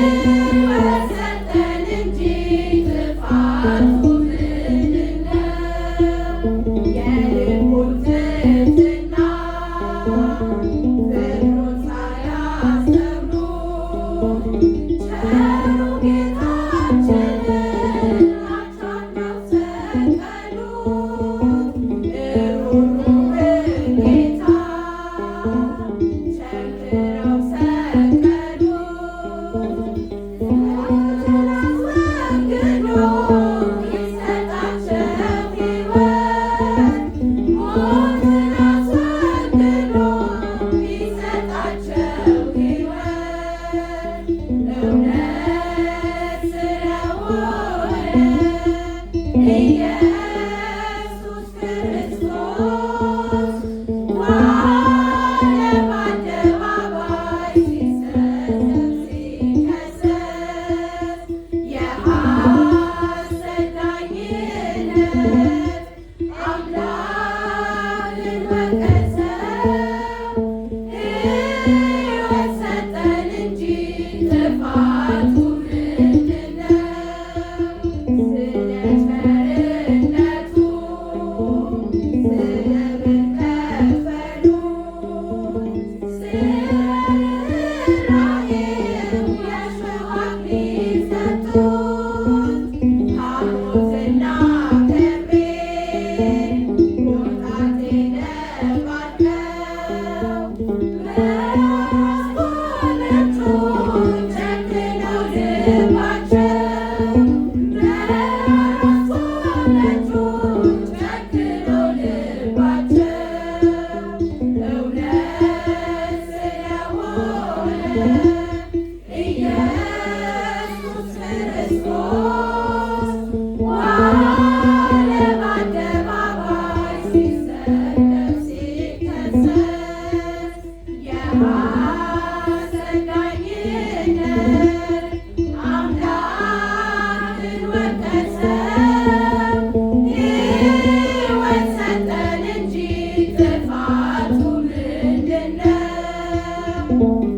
Thank you. thank you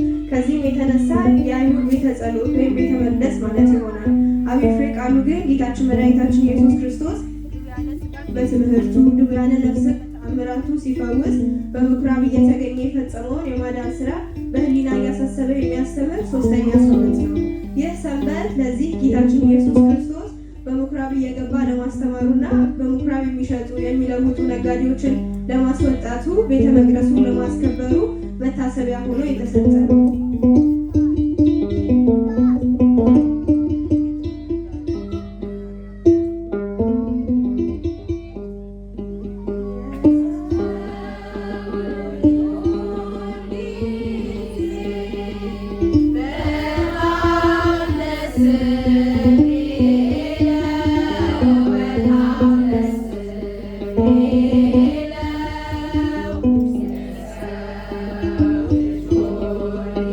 ከዚህም የተነሳ የአይሁድ ቤተ ጸሎት ወይም ቤተ መቅደስ ማለት ይሆናል። ፍሬ ቃሉ ግን ጌታችን መድኃኒታችን ኢየሱስ ክርስቶስ በትምህርቱ ድውያነ ነፍስ ተአምራቱ ሲፈውስ በምኩራብ እየተገኘ የፈጸመውን የማዳን ስራ በህሊና እያሳሰበ የሚያስተምር ሶስተኛ ሰንበት ነው። ይህ ሰንበት ለዚህ ጌታችን ኢየሱስ ክርስቶስ በምኩራብ እየገባ ለማስተማሩና በምኩራብ የሚሸጡ የሚለውጡ ነጋዴዎችን ለማስወጣቱ ቤተ መቅደሱን ለማስከበሩ መታሰቢያ ሆኖ የተሰጠ ነው።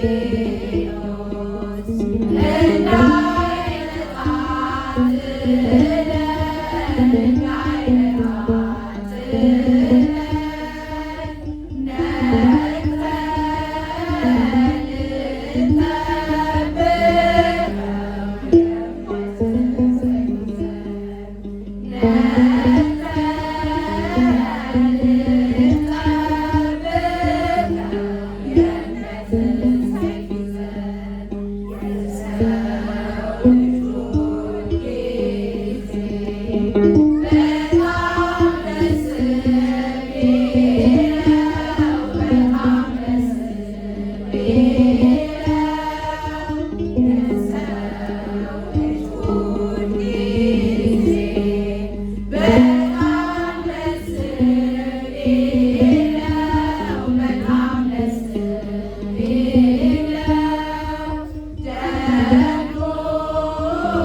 Yeah.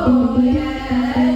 Oh, yeah.